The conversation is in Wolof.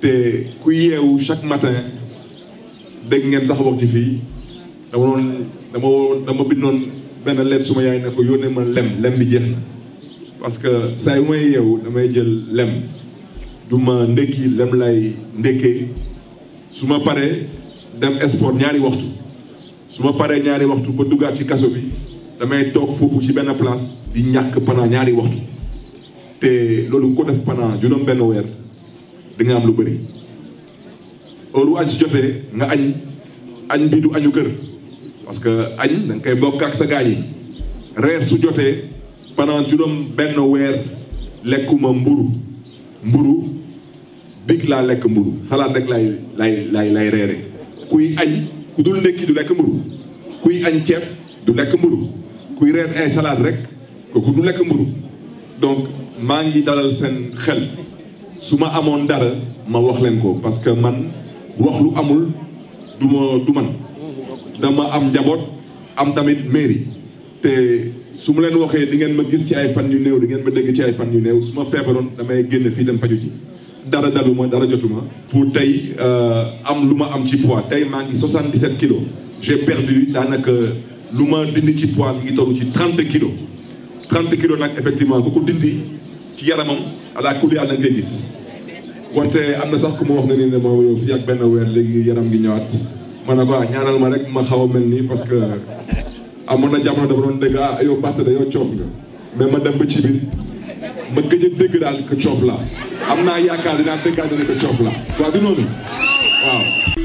te ku yeewu chaque matin dégg ngeen sax wax ci fii dama doon dama dama bindoon benn lettre suma yaay ne ko yónnee ma lem lem bi jeex na parce que saa yu may yeewu damay jël lem du ma ndékki lem lay ndékkee su ma pare dem sport ñaari waxtu su ma paree ñaari waxtu ba duggaat ci kaso bi damay toog foofu ci benn place di ñàkk pendant ñaari waxtu te loolu ko def pendant juróom benn weer di am lu bëri heure bu añ si jotee nga añ añ bi du añu kër parce que añ da koy bokk ak sa gaañ yi reer su jotee pendant juróom benn weer lekkuma mburu mburu big laa lekk mburu salade rek lay lay lay reere kuy añ ku dul ndékki du lekk mburu kuy ceeb du lekk mburu kuy reer ay salade rek kooku du lekk mburu donc maa ngi dalal seen xel su ma amoon dara ma wax leen ko parce que man wax lu amul du ma du man dama am njaboot am tamit mairie te su ma leen waxee di ngeen ma gis ci ay fan yu new di ngeen ma dégg ci ay fan yu néew su ma feebaroon damay génn fii dem faju ji dara daluma dara jotuma pour tey euh, am lu ma am ci poids tey maa ngi 77 kilos j'ai perdu daanaka lu ma dindi ci poids mi ngi tollu ci 30 kilos 30 kilos nag effectivement ku ko dindi ci yaramam ala kulli àll ngay gis wante am na sax ku ma wax ne nii ne moom yow fii ak benn weer léegi yaram gi ñëwaat ma ne ko ah, ñaanal ma rek ma xaw a mel nii parce que amoon na jamono dama doon dégg ah yow Baxte yow coof nga mais ma dem ba ci biir ma gëj a dégg daal que coof la am naa yaakaar dinaa déggaat ne que coof la waaw du noonu waaw.